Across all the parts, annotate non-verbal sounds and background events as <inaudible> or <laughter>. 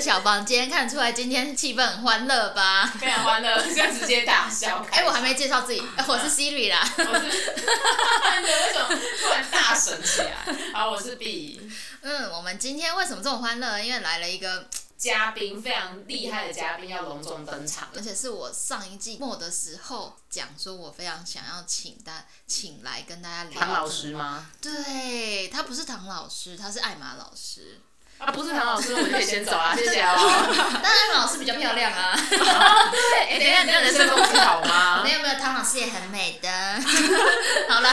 小房間看得出來，今天氣氛很歡樂吧？非常歡樂，就直接大笑。哎，我還沒介紹自己，我是 Siri 啦。我是種 <laughs> 突然大神起來。 <laughs> 好，我是 B。嗯，我們今天為什麼這麼歡樂？因為來了一個嘉賓，非常厲害的嘉賓要隆重登場，而且是我上一季末的時候講說，我非常想要請大，請來跟大家聊。唐老師嗎？對，他不是唐老師，他是艾瑪老師。啊，不是唐老師，我們就可以先走啊，謝謝哦。但艾瑪老師比較漂亮啊。等一下，你那人生功底好嗎？沒有沒有，唐老師也很美的。好了，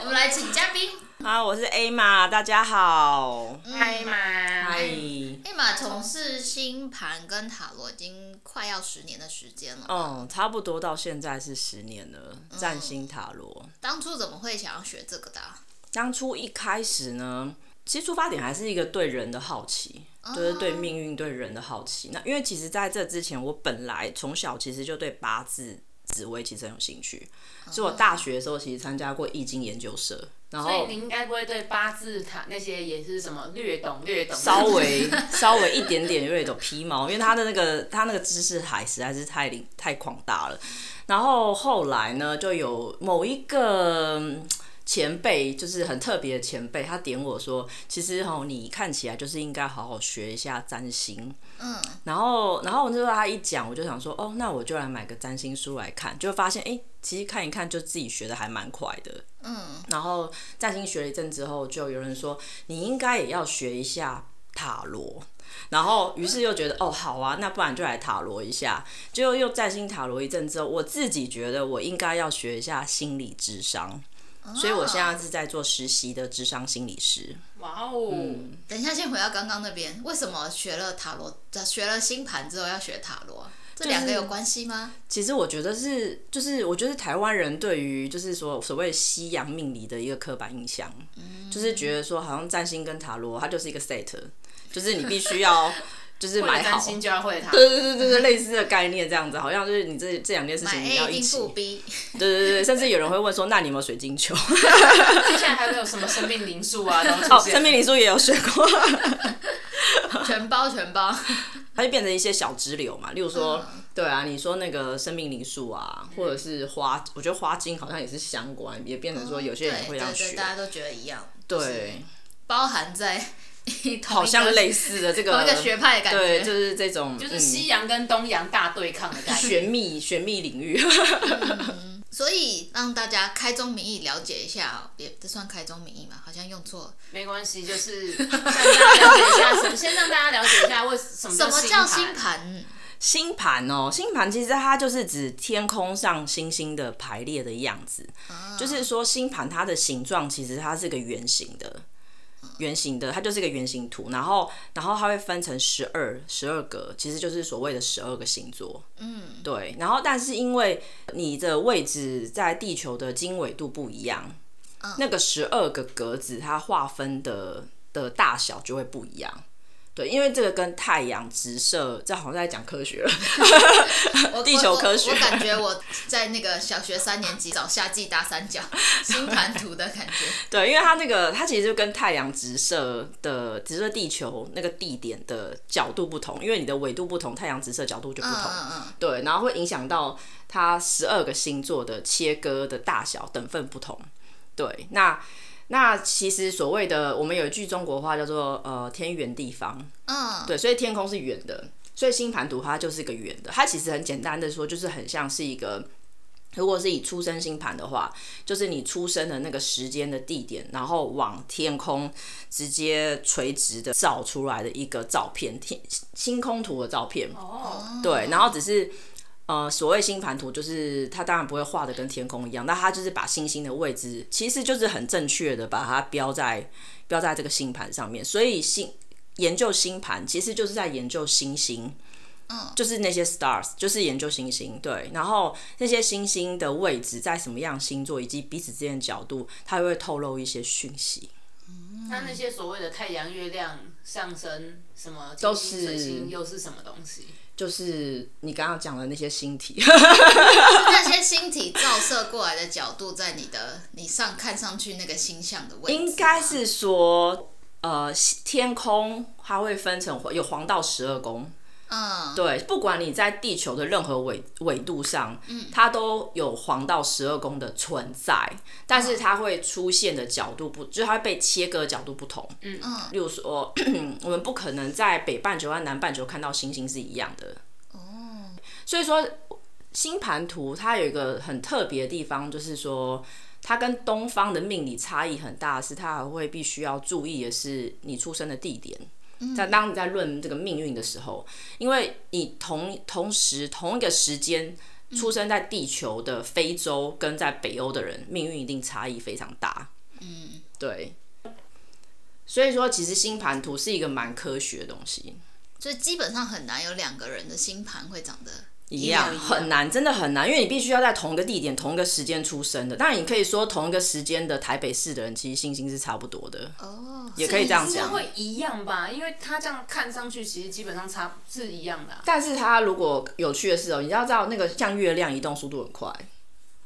我們來請嘉賓。好，我是艾瑪，大家好。艾瑪。嗨。艾瑪從事星盤跟塔羅已經快要十年的時間了。嗯，差不多到現在是十年了，占星塔羅。當初怎麼會想要學這個的？當初一開始呢。其實出發點還是一個對人的好奇，oh. 就是對命運、對人的好奇。那因為其實，在這之前，我本來從小其實就對八字、紫微其實很有興趣。所以、oh. 我大學的時候，其實參加過易經研究社。然後，所以你應該不會對八字塔那些也是什麼略懂略懂，略懂稍微 <laughs> 稍微一點點略懂皮毛，因為他的那個他那個知識海實在是太靈太廣大了。然後後來呢，就有某一個。前輩就是很特別的前輩，他點我說，其實吼你看起來就是應該好好學一下占星。嗯然，然後然後我就他一講，我就想說，哦，那我就來買個占星書來看，就發現哎、欸，其實看一看就自己學的還蠻快的。嗯，然後占星學了一陣之後，就有人說你應該也要學一下塔羅，然後於是又覺得哦好啊，那不然就來塔羅一下。就又占星塔羅一陣之後，我自己覺得我應該要學一下心理諮商。所以我現在是在做實習的諮商心理師。哇哦、嗯！等一下，先回到剛剛那邊，為什麼學了塔羅，學了星盤之後要學塔羅？這兩個有關係嗎？就是，其實我覺得是，就是我覺得台灣人對於就是說所謂西洋命理的一個刻板印象，就是覺得說好像占星跟塔羅，它就是一個 set，就是你必須要。 <laughs> 就是買好，對對對對，類似的概念這樣子，好像就是你這這兩件事情你要一起。逼對對對，甚至有人會問說：“那你有沒有水晶球？”之前 <laughs> 還沒有什麼生命靈數啊、哦，生命靈數也有學過。全包全包，它就變成一些小支流嘛。例如說，嗯、對啊，你說那個生命靈數啊，或者是花，我覺得花精好像也是相關，也變成說有些人會要學。嗯、對對對，大家都覺得一樣。對，包含在。 <laughs> 個好像類似的這個，同一個學派的感覺，對就是這種，就是西洋跟東洋大對抗的感覺，嗯就是、玄秘玄秘領域 <laughs> 、嗯。所以讓大家開宗明義了解一下、喔，也這算開宗明義嘛？好像用錯了，沒關係，就是讓大家了解一下，先 <laughs> 先讓大家了解一下為什麼 <laughs> 什麼叫星盤、喔？星盤哦，星盤其實它就是指天空上星星的排列的樣子，嗯、就是說星盤它的形狀其實它是個圓形的。圓形的，它就是一個圓形圖，然後，然後它會分成十二十二格，其實就是所謂的十二個星座。嗯，對。然後，但是因為你的位置在地球的經緯度不一樣，哦、那個十二個格子它劃分的的大小就會不一樣。對，因為這個跟太陽直射，這好像在講科學了 <laughs> 我地球科學我我。我感覺我在那個小學三年級找夏季大三角星盤圖的感覺。 <laughs> 對，因為它那個它其實就跟太陽直射的直射地球那個地點的角度不同，因為你的緯度不同，太陽直射角度就不同。嗯嗯，嗯，對，然後會影響到它十二個星座的切割的大小等分不同。對，那。那其實所謂的我們有一句中國話叫做呃天圓地方，嗯，對，所以天空是圓的，所以星盤圖它就是一個圓的。它其實很簡單的說，就是很像是一個，如果是以出生星盤的話，就是你出生的那個時間的地點，然後往天空直接垂直的照出來的一個照片，天星空圖的照片。哦，對，然後只是。呃，所謂星盤圖就是它當然不會畫得跟天空一樣，那它就是把星星的位置。其實就是很正確的把它標在標在這個星盤上面。所以星研究星盤其實就是在研究星星，嗯、哦，就是那些 stars 就是研究星星。對，然後那些星星的位置在什麼樣星座，以及彼此之間的角度，它會透露一些訊息。嗯、那那些所謂的太陽、月亮、上升什麼，都金星、水星又是什麼東西？就是你剛剛講的那些星體， <laughs> 那些星體照射過來的角度，在你的你上看上去那個星象的位置，應該是說，呃，天空它會分成有黃道十二宮。嗯， <noise> 對，不管你在地球的任何緯緯度上，它都有黃道十二宮的存在，但是它會出現的角度不，就是它會被切割的角度不同，嗯嗯，例如說， <coughs> 我們不可能在北半球和南半球看到星星是一樣的，哦。所以說星盤圖它有一個很特別的地方，就是說它跟東方的命理差異很大，是它還會必須要注意的是你出生的地點。在當你在論這個命運的時候，因為你同同時同一個時間出生在地球的非洲跟在北歐的人，命運一定差異非常大。嗯，對。所以說，其實星盤圖是一個蠻科學的東西，所以基本上很難有兩個人的星盤會長得。一樣，一樣很難，一樣，真的很難，因為你必須要在同一個地點、同一個時間出生的。當然，你可以說同一個時間的台北市的人，其實信心是差不多的。哦，也可以這樣講。會一樣吧，因為他這樣看上去，其實基本上差是一樣的啊。但是他如果有趣的是哦，你要知道那個像月亮移動速度很快。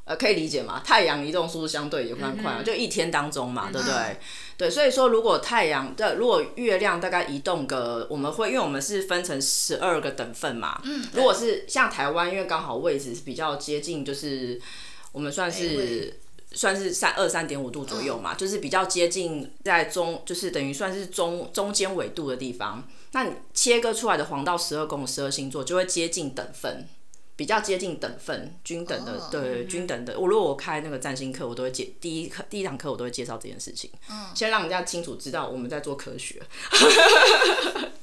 呃，可以理解嗎？太陽移動速度相對也蠻快嘛，啊，mm hmm. 就一天當中嘛，對不對？Hmm. 對，所以說如果太陽，對，如果月亮大概移動個，我們會因為我們是分成十二個等份嘛。嗯、mm。Hmm. 如果是像台灣，因為剛好位置是比較接近，就是我們算是，mm hmm. 算是三二三點五度左右嘛，mm hmm. 就是比較接近在中，就是等於算是中中間緯度的地方。那你切割出來的黃道十二宮、十二星座就會接近等分。比較接近等分，均等的，哦、對，均等的。我如果我開那個占星課，我都會介第一課、第一堂課，我都會介紹這件事情，嗯、先讓人家清楚知道我們在做科學。 <laughs>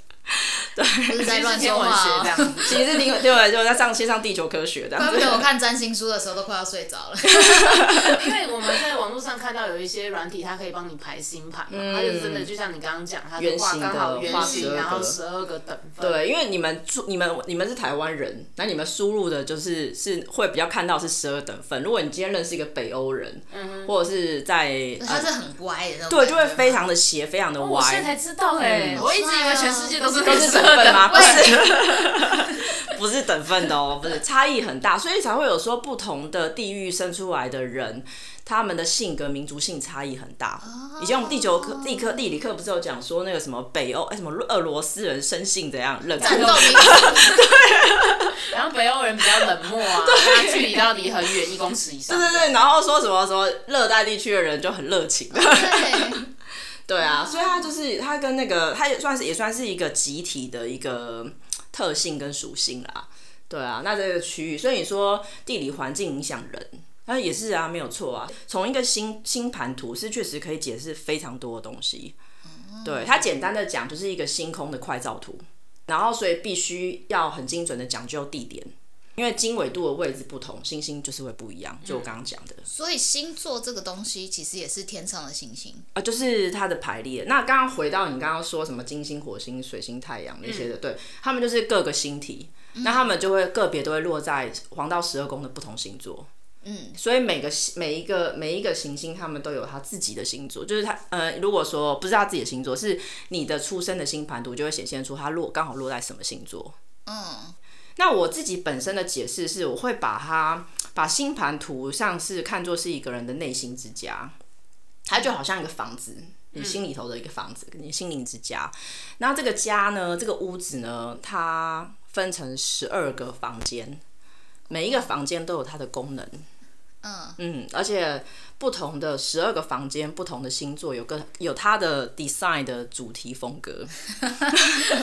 不是亂說這樣，其實你對，就在上先上地球科學這樣子。包括我看占星書的時候都快要睡着了，因為我們在網絡上看到有一些軟體，它可以幫你排星盤嘛，嗯、它就真的，就像你剛剛講，它圓形的、好圓形，然後十二個等分。對，因為你們、你們、你們是台灣人，那你們輸入的就是是會比較看到是十二等分。如果你今天認識一個北歐人，嗯、哼或者是在他是很乖的、呃，對，就會非常的斜，非常的歪、哦。我現在才知道哎，對啊、我一直以為全世界都是都是。不是， <laughs> 不是等分的哦。不是差異很大，所以才會有說不同的地域生出來的人，他們的性格、民族性差異很大。Oh, okay. 以前我們地球課、地科、地理課不是有講說那個什麼北歐哎，什麼俄羅斯人生性怎樣冷戰鬥民族？嗯、 <laughs> 對， <laughs> 然後北歐人比較冷漠啊，大家對距離到底很遠，一公尺以上。對對對，對對，然後說什麼什麼熱帶地區的人就很熱情。對。Oh, okay. <laughs> 對啊，所以它就是它跟那個，它也算是也算是一個集體的一個特性跟屬性啦。對啊，那這個區域，所以你說地理環境影響人，那也是啊，沒有錯啊。從一個星星盤圖是確實可以解釋非常多的東西。對，它簡單的講就是一個星空的快照圖，然後所以必須要很精準的講究地點。因為經緯度的位置不同，星星就是會不一樣。就我剛剛講的，嗯，所以星座這個東西其實也是天上的星星啊，就是它的排列。那剛剛回到你剛剛說什麼金星、火星、水星、太陽那些的，嗯、對，他們就是各個星體，嗯、那他們就會個別都會落在黃道十二宮的不同星座。嗯，所以每個每一個每一個行星，他們都有他自己的星座，就是他呃，如果說不是他自己的星座，是你的出生的星盤圖就會顯現出他落剛好落在什麼星座。嗯。那我自己本身的解釋是，我會把它把星盤圖像是看作是一個人的內心之家，它就好像一個房子，你、嗯、心裡頭的一個房子，你心靈之家。那這個家呢，這個屋子呢，它分成十二個房間，每一個房間都有它的功能。嗯，嗯，而且不同的十二個房間，不同的星座，有個有它的 design 的主題風格。 <laughs>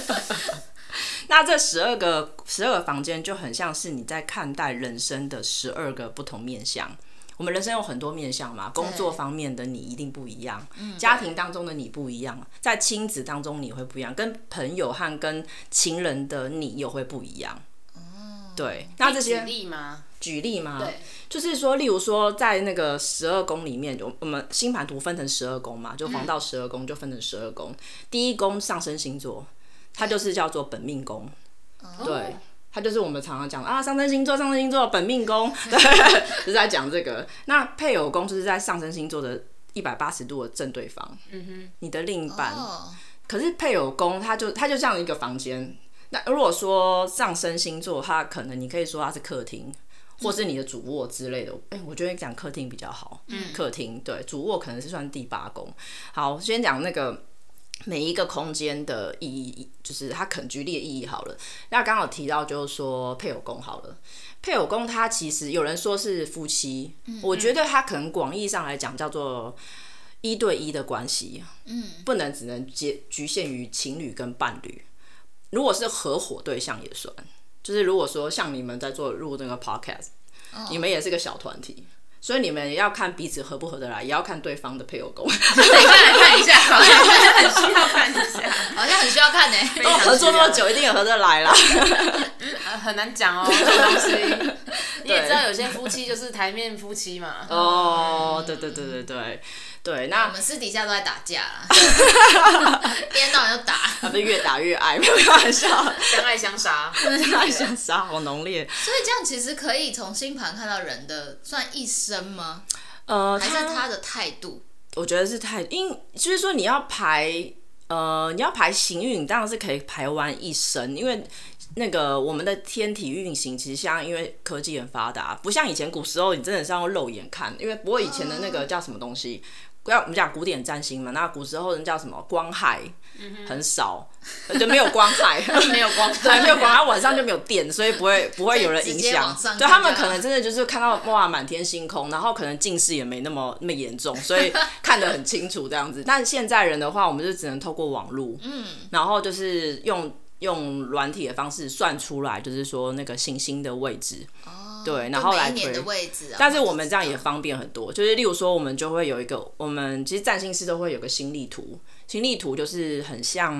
那這十二個十二個房間就很像是你在看待人生的十二個不同面向。我們人生有很多面向嘛，工作方面的你一定不一樣，家庭當中的你不一樣，在親子當中你會不一樣，跟朋友和跟情人的你又會不一樣。對，那這些舉例嗎？舉例嗎？對，就是說，例如說，在那個十二宮裡面，我我們星盤圖分成十二宮嘛，就黃道十二宮就分成十二宮，第一宮上升星座。它就是叫做本命宮，oh. 對，它就是我們常常講啊上升星座、上升星座本命宮，對， <laughs> 只是在講這個。那配偶宮就是在上升星座的一百八十度的正對方，嗯哼、mm，hmm. 你的另一半。Oh. 可是配偶宮，它就它就像一個房間。那如果說上升星座，它可能你可以說它是客廳，或是你的主臥之類的。哎、mm. 欸，我覺得講客廳比較好，嗯、mm.，客廳對，主臥可能是算第八宮。好，先講那個。每一個空間的意義，就是它可居力的意義。好了，那剛好提到就是說配偶宮好了，配偶宮它其實有人說是夫妻，嗯嗯，我覺得它可能廣義上來講叫做一對一的關係，嗯、不能只能局限於情侶跟伴侶，如果是合夥對象也算，就是如果說像你們在做錄這個 podcast，、oh. 你們也是個小團體。所以你們也要看彼此合不合得來，也要看對方的配偶宮。等一下，來看一下，好像很需要看一下，好像很需要看呢、欸。合作這麼久，一定有合得來啦。 <laughs> 嗯呃、很難講哦，這東西。你也知道有些夫妻就是台面夫妻嘛。對哦，對對、嗯、對對對對，對對，那我們私底下都在打架啦，一天到晚就打，他正越打越愛， <laughs> 沒有，開玩笑，相愛相殺，相愛相殺，好濃烈。所以這樣其實可以從星盤看到人的算一生嗎？呃，還是他的態度？我覺得是態度，因為就是說你要排呃你要排行運，當然是可以排完一生，因為。那個我們的天體運行其實像，因為科技很發達，不像以前古時候，你真的是要用肉眼看。因為不過以前的那個叫什麼東西，不要，oh. 我們講古典占星嘛。那古時候人叫什麼？光害很少，就沒有光害， <laughs> 沒有光， <laughs> 對，沒有光，他 <laughs> 對、啊、晚上就沒有電，所以不會不會有人影響。就他們可能真的就是看到哇滿天星空，然後可能近視也沒那麼那麼嚴重，所以看得很清楚這樣子。 <laughs> 對但是現在人的話，我們就只能透過網絡，嗯，然後就是用。用軟體的方式算出來，就是說那個行星的位置，哦、對，然後來回的位置哦。但是我們這樣也方便很多，就是例如說，我們就會有一個，我們其實占星師都會有一個星曆圖，星曆圖就是很像，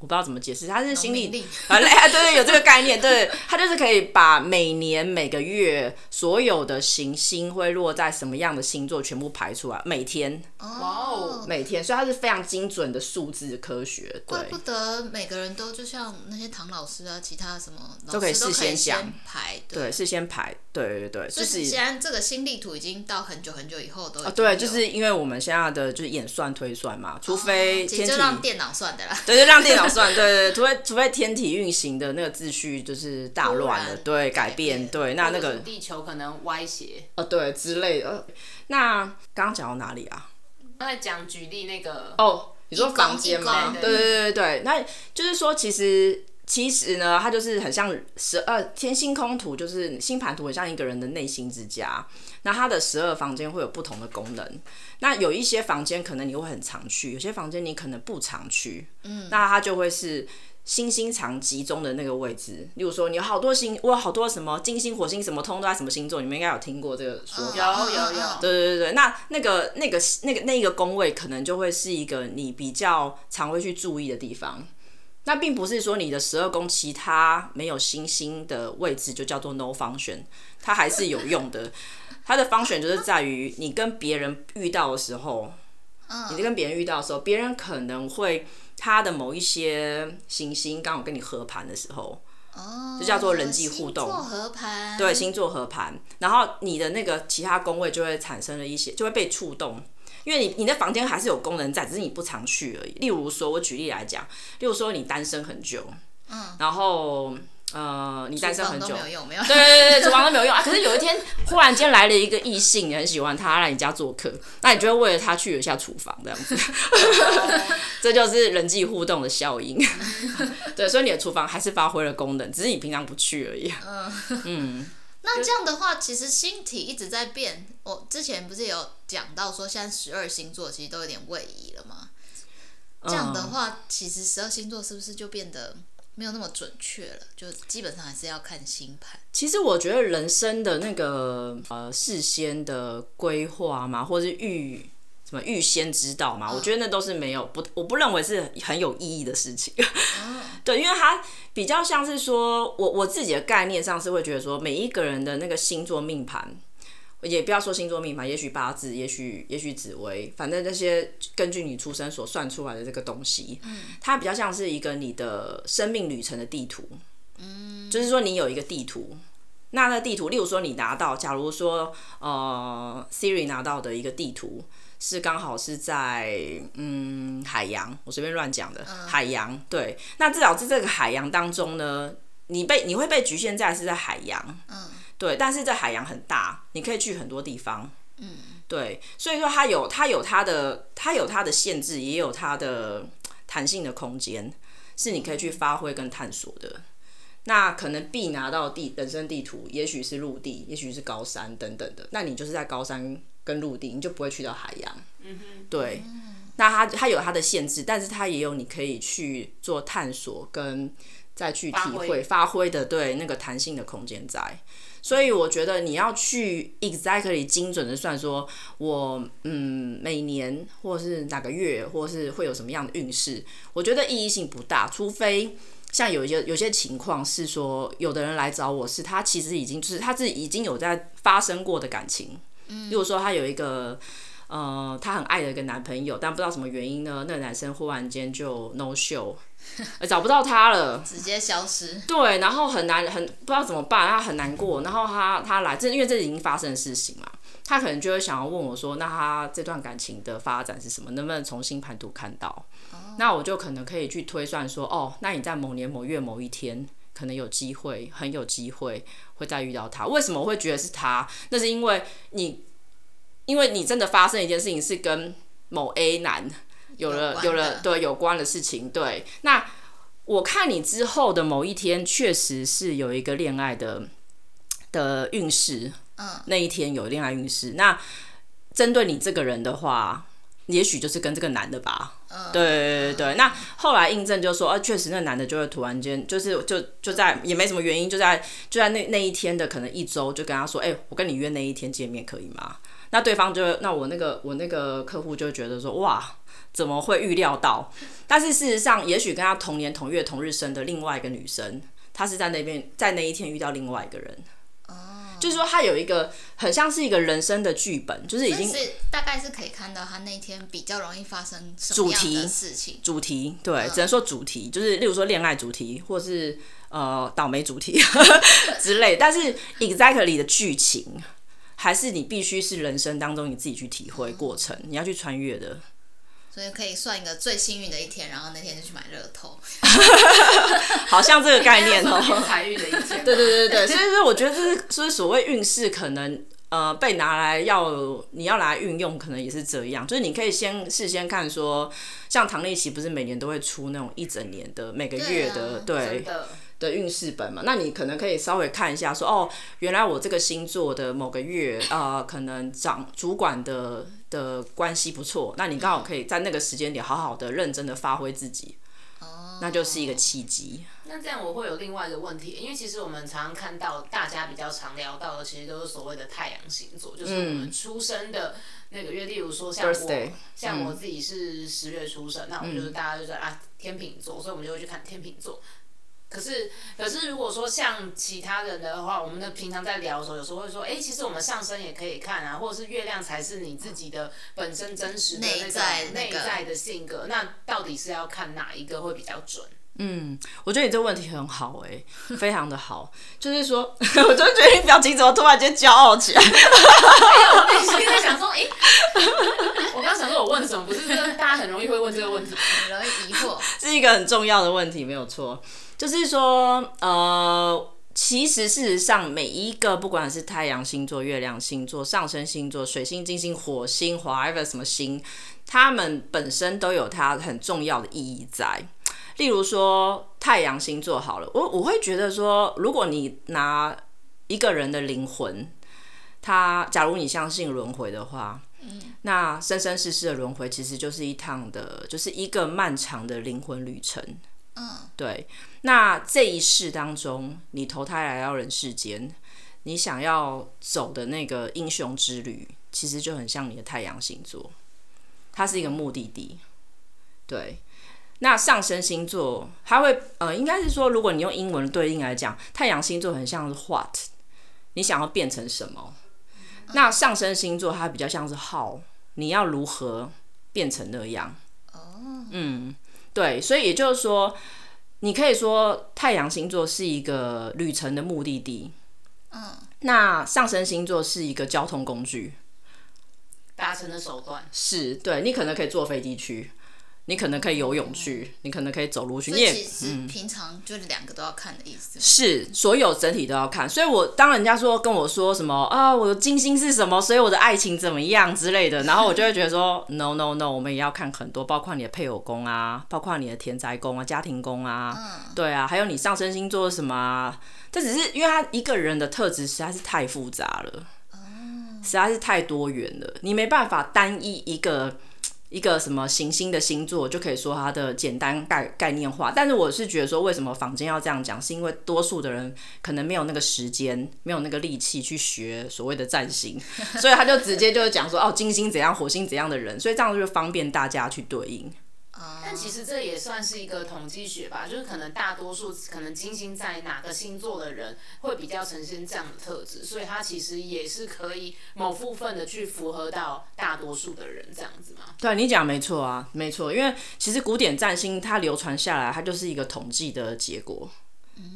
我不知道怎麼解釋，他是星曆。好、oh, 啊、對，對對，有這個概念，對，他就是可以把每年每個月所有的行星會落在什麼樣的星座，全部排出來，每天，哇哦，每天，所以它是非常精準的數字科學，對。怪不得每個人都就像那些唐老師啊，其他什麼都可以，可以事先想，排，對，事先排，對對對，就是，既然這個星曆圖已經到很久很久以後都啊、哦，對，就是因為我們現在的就是演算推算嘛，除非就讓電腦算的啦，對，就讓電腦。 <laughs> <laughs> 算對，對對，除非除非天體運行的那個秩序，就是大亂了，突然，對改變，改變對，那那個地球可能歪斜，呃、哦、對之類的。那剛剛講到哪裡啊？剛才講舉例那個哦，你說房間嗎？對對對對，那就是說其實其實呢，它就是很像十二，呃、天星空圖，就是星盤圖，很像一個人的內心之家。那它的十二房間會有不同的功能，那有一些房間可能你會很常去，有些房間你可能不常去，嗯，那它就會是星星常集中的那個位置。例如說，你有好多星，我有好多什麼金星、火星什麼，通都在什麼星座，你們應該有聽過這個說法，有，有有有，對對對對，那那個那個那個那個宮位可能就會是一個你比較常會去注意的地方。那並不是說你的十二宮其他沒有星星的位置就叫做 no function，它還是有用的。它的 function 就是在於你跟別人遇到的時候，你在跟別人遇到的時候，別人可能會他的某一些行星，剛好跟你合盤的時候，就叫做人際互動，星座合盤對星座合盤，然後你的那個其他宮位就會產生了一些，就會被觸動。因為你你的房間還是有功能在，只是你不常去而已。例如說，我舉例來講，例如說你單身很久，嗯、然後呃，廚房 你單身很久廚房沒有用，沒有對對對，對廚房都沒有用 <laughs> 啊。可是有一天， <laughs> 忽然間來了一個異性，你很喜歡他來你家做客，那你就會為了他去一下廚房這樣子，哦、 <laughs> 這就是人際互動的效應。 <laughs> 對，所以你的廚房還是發揮了功能，只是你平常不去而已。嗯。嗯那這樣的話，其實星體一直在變。我之前不是有講到說，現在十二星座其實都有點位移了嘛？嗯、這樣的話，其實十二星座是不是就變得沒有那麼準確了？就基本上還是要看星盤。其實我覺得人生的那個對呃事先的規劃嘛，或是預。什麼預先知道嘛？我覺得那都是沒有不，我不認為是很有意義的事情。 <laughs> 對，因為它比較像是說，我我自己的概念上是會覺得說，每一個人的那個星座命盤，也不要說星座命盤，也許八字，也許也許紫微，反正那些根據你出生所算出來的這個東西，嗯，它比較像是一個你的生命旅程的地圖。嗯，就是說你有一個地圖，那那地圖，例如說你拿到，假如說呃，Siri 拿到的一個地圖。是剛好是在嗯海洋，我隨便亂講的、嗯、海洋，對。那至少在這個海洋當中呢，你被你會被局限在是在海洋，嗯，對。但是在海洋很大，你可以去很多地方，嗯，對。所以說它有它有它的它有它的限制，也有它的彈性的空間，是你可以去發揮跟探索的。那可能必拿到地人生地圖，也許是陸地，也許是高山等等的。那你就是在高山。跟陸地，你就不會去到海洋。嗯哼，對，那它它有它的限制，但是它也有你可以去做探索跟再去體會發揮的，對那個彈性的空間在。所以我覺得你要去 exactly 精準的算說，我嗯每年或是哪個月，或是會有什麼樣的運勢，我覺得意義性不大。除非像有些有些情況是說，有的人來找我是他其實已經就是他自己已經有在發生過的感情。如果說她有一個，呃，她很愛的一個男朋友，但不知道什麼原因呢，那個男生忽然間就 no show，找不到他了，直接消失。對，然後很難，很不知道怎麼辦，她很難過。然後她，她來這，因為這已經發生的事情嘛，她可能就會想要問我說，那她這段感情的發展是什麼，能不能重新盤圖看到？哦，那我就可能可以去推算說，哦，那你在某年某月某一天。可能有機會，很有機會會再遇到他。為什麼我會覺得是他？那是因為你，因為你真的發生一件事情是跟某 A 男有了有，有了對有關的事情。對，那我看你之後的某一天確實是有一個戀愛的的運勢，嗯，那一天有戀愛運勢。那針對你這個人的話。也許就是跟這個男的吧，對對對，那後來印證就是說，啊，確實那男的就會突然間，就是就就在也沒什麼原因，就在就在那那一天的可能一周，就跟他說，哎、欸，我跟你約那一天見面可以嗎？那對方就那我那個我那個客戶就覺得說，哇，怎麼會預料到？但是事實上，也許跟他同年同月同日生的另外一個女生，她是在那邊在那一天遇到另外一個人。就是說，它有一個很像是一個人生的劇本，就是已經是大概是可以看到他那一天比較容易發生什麼樣的事情。主題，主題對，嗯、只能說主題，就是例如說戀愛主題，或是呃倒霉主題 <laughs> 之類。但是 exactly 的劇情，還是你必須是人生當中你自己去體會過程，嗯、你要去穿越的。所以可以算一個最幸運的一天，然後那天就去買樂透， <laughs> <laughs> 好像這個概念哦，財運的一天。 <laughs> 對對對對，所以說我覺得就是對對對對所謂運勢可能呃被拿來要你要來運用，可能也是這樣。就是你可以先事先看說，像唐立淇不是每年都會出那種一整年的每個月的對、啊、對的運勢本嘛？那你可能可以稍微看一下說哦，原來我這個星座的某個月啊、呃，可能長主管的。 <laughs> 的關係不錯，那你剛好可以在那個時間點好好的，認真的發揮自己，哦、嗯，那就是一個契機。那這樣我會有另外一個問題，因為其實我們常常看到大家比較常聊到的，其實都是所謂的太陽星座，嗯、就是我們出生的那個月。例如說像我，Thursday, 像我自己是十月出生，那、嗯、我們就是大家就說啊，天秤座，所以我們就會去看天秤座。可是，可是如果說像其他人的話，我們的平常在聊的時候，有時候會說，哎、欸，其實我們上升也可以看啊，或者是月亮才是你自己的本身真實的內在內在、那個、內在的性格。那到底是要看哪一個會比較準？嗯，我覺得你這個問題很好、欸，哎，非常的好。 <laughs> 就是說，我就覺得你表情怎麼突然間驕傲起來？哈 <laughs> 哈、哎、想說哎、欸，我剛剛想說我問什麼，不是真的，大家很容易會問這個問題， <laughs> 很容易疑惑。是一個很重要的問題，沒有錯。就是說，呃，其實事實上，每一個不管是太陽星座、月亮星座、上升星座、水星、金星、火星，whatever 什麼星，他們本身都有它很重要的意義在。例如說，太陽星座好了，我我會覺得說，如果你拿一個人的靈魂，他假如你相信輪回的話，嗯，那生生世世的輪回其實就是一趟的，就是一個漫長的靈魂旅程，嗯，對。那這一世當中，你投胎來到人世間，你想要走的那個英雄之旅，其實就很像你的太陽星座，它是一個目的地。對，那上升星座它會呃，應該是說，如果你用英文對應來講，太陽星座很像是 what，你想要變成什麼？那上升星座它比較像是 how，你要如何變成那樣？嗯，對，所以也就是說。你可以說太陽星座是一個旅程的目的地，嗯，那上升星座是一個交通工具，達成的手段，是，對，你可能可以坐飛機去。你可能可以游泳去，嗯、你可能可以走路去。你也其實是，嗯、平常就是兩個都要看的意思。是所有整體都要看，所以我當人家說跟我說什麼啊，我的金星是什麼，所以我的愛情怎麼樣之類的，然後我就會覺得說是，no no no，我們也要看很多，包括你的配偶宮啊，包括你的田宅宮啊、家庭宮啊，嗯、對啊，還有你上升星座是什麼，啊。這只是因為他一個人的特質實在是太複雜了，嗯、實在是太多元了，你沒辦法單一一個。一個什麼行星的星座就可以說它的簡單概概念化，但是我是覺得說，為什麼坊間要這樣講，是因為多數的人可能沒有那個時間，沒有那個力氣去學所謂的占星，所以他就直接就講說， <laughs> 哦，金星怎樣，火星怎樣的人，所以這樣就方便大家去對應。但其實這也算是一個統計學吧，就是可能大多數可能金星在哪個星座的人會比較呈現這樣的特質，所以它其實也是可以某部分的去符合到大多數的人這樣子嘛。對，你講沒錯啊，沒錯，因為其實古典占星它流傳下來，它就是一個統計的結果，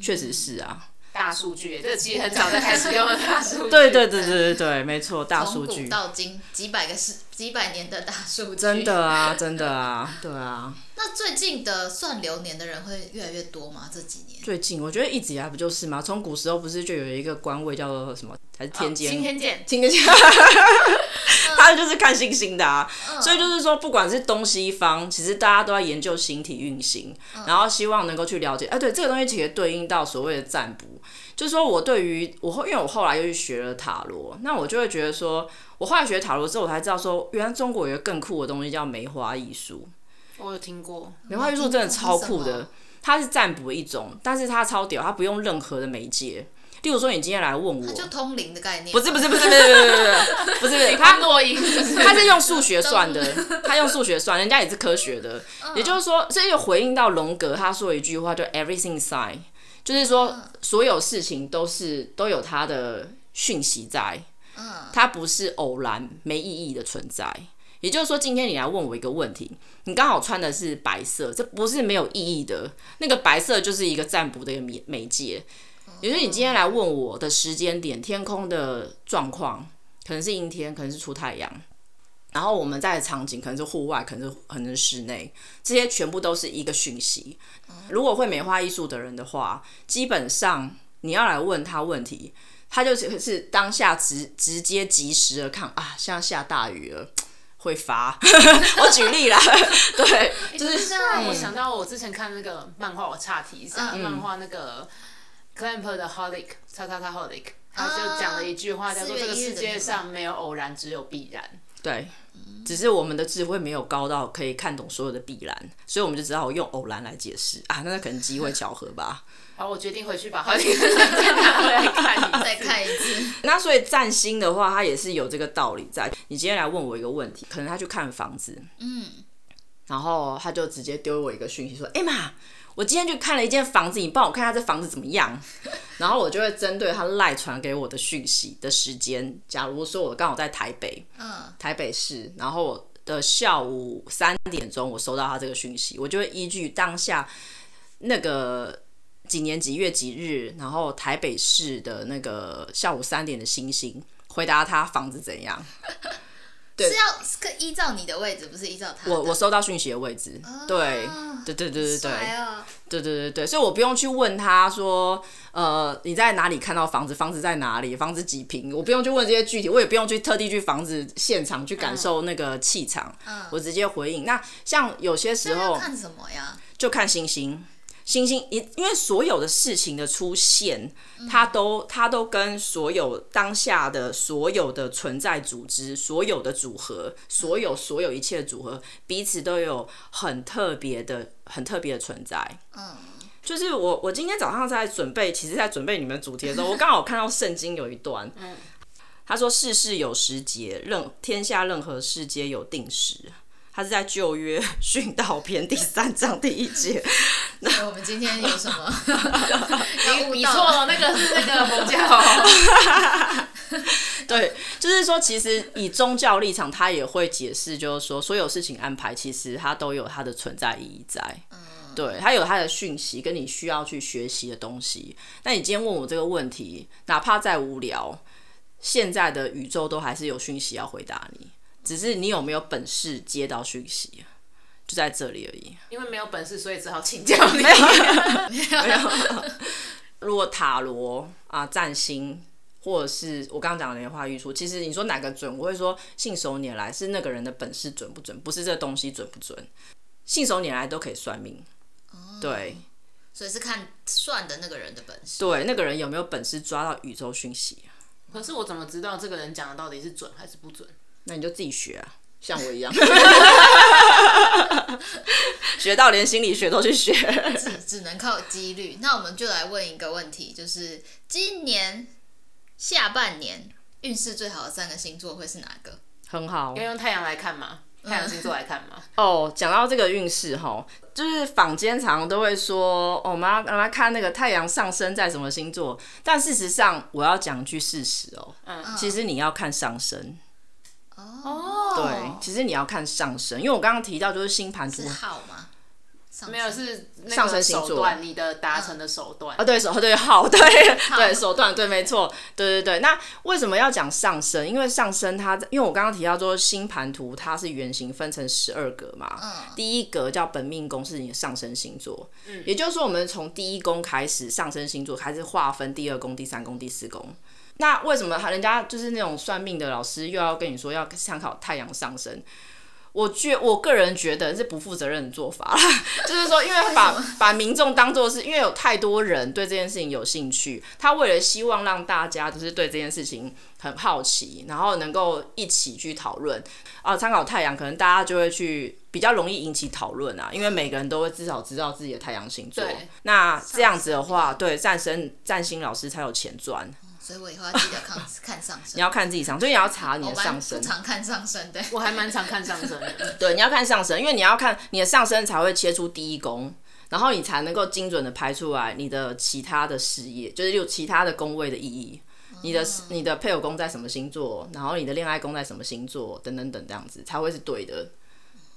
確實是啊。嗯嗯大數據，這其實很早就開始用了大數據。 <laughs> 對對對對對沒錯，大數據。從古到今，幾百個世、幾百年的大數據。真的啊，真的啊，對啊。那最近的算流年的人會越來越多嗎？這幾年？最近我覺得一直以來不就是嗎？從古時候不是就有一個官位叫做什麼？還是天監？Oh, 欽天監。欽天監。 <laughs> 他就是看星星的。啊，嗯、所以就是說，不管是東西方，其實大家都在研究星體運行，嗯、然後希望能夠去了解。哎、欸，對，這個東西其實對應到所謂的占卜，就是說我對於我，因為我後來又去學了塔羅，那我就會覺得說，我後來學塔羅之後，我才知道說，原來中國有一個更酷的東西叫梅花易數。我有聽過，梅花易數真的超酷的，是它是占卜的一種，但是它超屌，它不用任何的媒介。比如說，你今天來問我，就通靈的概念。不是不是不是不是不是不是，他諾他是用數學算的，他用數學算，人家也是科學的。嗯、也就是說，這又回應到榮格，他說一句話，就 everything sign，就是說所有事情都是都有它的訊息在，嗯，它不是偶然沒意義的存在。也就是說，今天你來問我一個問題，你剛好穿的是白色，這不是沒有意義的，那個白色就是一個占卜的一個媒介。也就是你今天來問我的時間點，天空的狀況可能是陰天，可能是出太陽，然後我們在的場景可能是戶外，可能是可能是室內，這些全部都是一個訊息。如果會梅花易數的人的話，基本上你要來問他問題，他就是當下直直接及時的看啊，現在下大雨了，會發。 <laughs> 我舉例啦， <laughs> 對，欸、就是現在誒我想到我之前看那個漫畫，我岔題一下、嗯、漫畫那個。Clamp 的 Holic，他 Holic，他就講了一句話、哦、叫做“這個世界上沒有偶然，的只有必然。”對，嗯、只是我們的智慧沒有高到可以看懂所有的必然，所以我們就只好用偶然來解釋啊，那可能機會巧合吧。 <laughs> 好，我決定回去把 Holic 再來看再看一次。 <laughs> 是一那所以占星的話，它也是有這個道理在。你今天來問我一個問題，可能他去看房子。嗯。然後他就直接丟我一個訊息說：“哎媽，我今天就看了一間房子，你幫我看一下這房子怎麼樣？”然後我就會針對他賴傳給我的訊息的時間，假如說我剛好在台北，嗯，台北市，然後我的下午三點鐘我收到他這個訊息，我就會依據當下那個幾年幾月幾日，然後台北市的那個下午三點的星星回答他房子怎樣。對，是要依照你的位置，不是依照他。我我收到訊息的位置，哦、對，對對對、哦、對對對對對，所以我不用去問他說，呃，你在哪裡看到房子？房子在哪裡？房子幾坪？我不用去問這些具體，我也不用去特地去房子現場去感受那個氣場。哦嗯、我直接回應。那像有些時候看什麼呀？就看星星。星星，因因為所有的事情的出現，它都它都跟所有當下的所有的存在組織，所有的組合，所有所有一切組合，彼此都有很特別的、很特別的存在。嗯，就是我我今天早上在準備，其實在準備你們主題的時候，我剛好看到聖經有一段，他說：“世事有時節，任天下任何事皆有定時。”他是在舊約訓道篇第三章第一節。 <laughs> 那所以我們今天有什麼？ <laughs> 你， <laughs> 你比錯了， <laughs> 那個是那個宗教。對，就是說，其實以宗教立場，他也會解釋，就是說，所有事情安排，其實它都有它的存在意義在。嗯、對，它有它的訊息，跟你需要去學習的東西。那你今天問我這個問題，哪怕再無聊，現在的宇宙都還是有訊息要回答你。只是你有沒有本事接到訊息，就在這裡而已。因為沒有本事，所以只好請教你。 <laughs> <laughs> 沒有，沒有。如果塔羅啊、占星，或者是我剛剛講的蓮花玉術，其實你說哪個準，我會說信手拈來是那個人的本事準不準，不是這東西準不準。信手拈來都可以算命，嗯，對。所以是看算的那個人的本事。對，那個人有沒有本事抓到宇宙訊息？可是我怎麼知道這個人講的到底是準還是不準？那你就自己學啊，像我一樣， <laughs> <laughs> 學到連心理學都去學，只只能靠幾率。那我們就來問一個問題，就是今年下半年運勢最好的三個星座會是哪個？很好，要用太陽來看嗎？太陽星座來看嗎？哦、嗯，講、oh, 到這個運勢哈，就是坊間常常都會說、哦，我們要看那個太陽上升在什麼星座，但事實上我要講一句事實哦、喔，嗯、其實你要看上升。哦，oh, 對，其實你要看上升，因為我剛剛提到就是星盤圖。是好嗎，沒有，是那個手段上升星座，你的達成的手段。啊、哦，對，手對號，對，好，對，好對手段，對，對，對，沒錯，對對對。那為什麼要講上升？因為上升它，因為我剛剛提到說星盤圖它是圓形，分成十二格嘛。嗯。第一格叫本命宮，是你的上升星座。嗯，也就是說，我們從第一宮開始，上升星座開始劃分，第二宮、第三宮、第四宮。那為什麼人家就是那種算命的老師又要跟你說要參考太陽上升？我覺我個人覺得是不負責任的做法啦，就是說因為把把民眾當做是因為有太多人對這件事情有興趣，他為了希望讓大家就是對這件事情很好奇，然後能夠一起去討論啊，參考太陽可能大家就會去比較容易引起討論啊，因為每個人都會至少知道自己的太陽星座，那這樣子的話，對占星占星老師才有錢賺。所以，我以後要記得看 <laughs> 看上升。你要看自己上升，所以你要查你的上升。我還蠻常看上升，對。我還蠻常看上升。 <laughs> 對，你要看上升，因為你要看你的上升才會切出第一宮，然後你才能夠精準的排出來你的其他的事業，就是有其他的宮位的意義。你的你的配偶宮在什麼星座，然後你的戀愛宮在什麼星座，等等等這樣子才會是對的。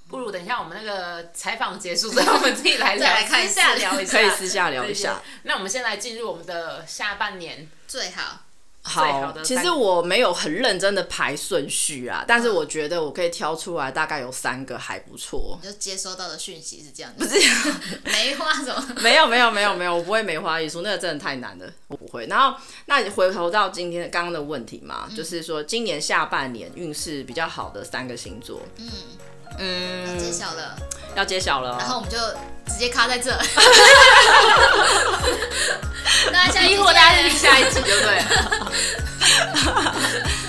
不如等一下，我們那個採訪結束之後，我們自己來聊一下， <laughs> 私下聊一下。 <laughs> 可以私下聊一下。吧吧那我們先來進入我們的下半年最好。好，的，其實我沒有很認真的排順序啊，但是我覺得我可以挑出來大概有三個還不錯。就接收到的訊息是這樣子。不是、啊，梅花 <laughs> 什麼？沒有沒有沒有沒有，我不會梅花易數，那個真的太難了，我不會。然後，那回頭到今天的剛剛的問題嘛，嗯、就是說今年下半年運勢比較好的三個星座。嗯。嗯，要揭曉了，要揭曉了、哦，然後我們就直接卡在這兒。 <laughs> 那下一波，大家一下一集就對了。 <laughs> <laughs>